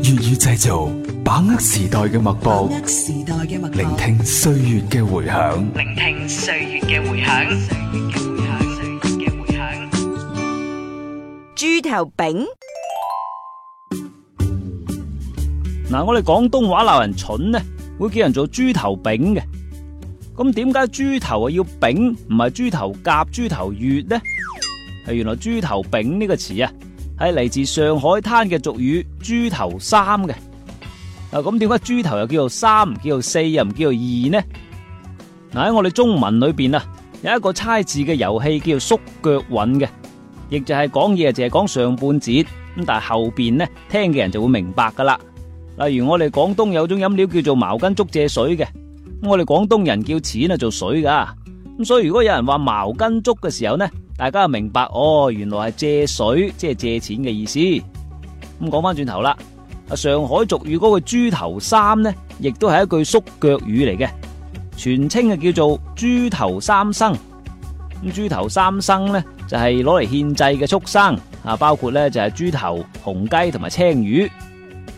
粵語製造，把握時代嘅脈搏，搏，聆聽歲月嘅回響。聆聽歲月嘅回響。歲月嘅回響，歲月嘅回響。豬頭丙？嗱，我哋廣東話鬧人蠢呢，會叫人做豬頭丙嘅。咁點解豬頭啊要丙？唔係豬頭甲，豬頭乙呢？係原來豬頭丙呢個詞啊！係嚟自上海灘嘅俗語，豬頭三嘅。嗱，咁點解豬頭又叫做三，唔叫做四，又唔叫做二呢？嗱，喺我哋中文裏邊啊，有一個猜字嘅遊戲叫做縮腳韻嘅，亦就係講嘢，淨係講上半截，咁但係後邊呢，聽嘅人就會明白噶啦。例如我哋廣東有種飲料叫做茅根竹蔗水嘅，咁我哋廣東人叫錢啊做水噶。的咁所以如果有人話茅根竹嘅時候呢，大家就明白哦，原來係借水即係借錢嘅意思。咁講翻轉頭啦，啊上海俗語嗰個豬頭三呢，亦都係一句縮腳語嚟嘅，全稱啊叫做豬頭三牲。豬頭三牲呢，就係攞嚟獻祭嘅畜生啊，包括呢就係豬頭、雄雞同埋青魚。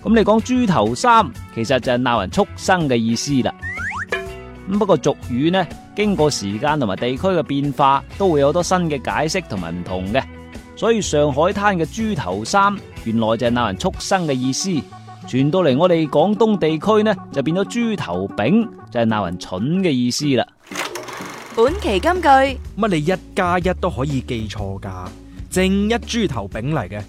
咁你講豬頭三，其實就係鬧人畜生嘅意思啦。咁不過俗語呢，經過時間同埋地區嘅變化，都會有好多新嘅解釋同埋唔同嘅。所以上海灘嘅豬頭三，原來就係鬧人畜生嘅意思，傳到嚟我哋廣東地區呢，就變咗豬頭丙，就係、是、鬧人蠢嘅意思啦。本期金句，乜你一加一都可以記錯噶？正一豬頭丙嚟嘅。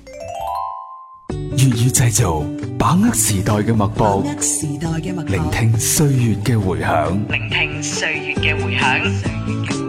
粵語製造，把握時代嘅脈搏，聆聽歲月嘅回響，聆聽歲月嘅回響。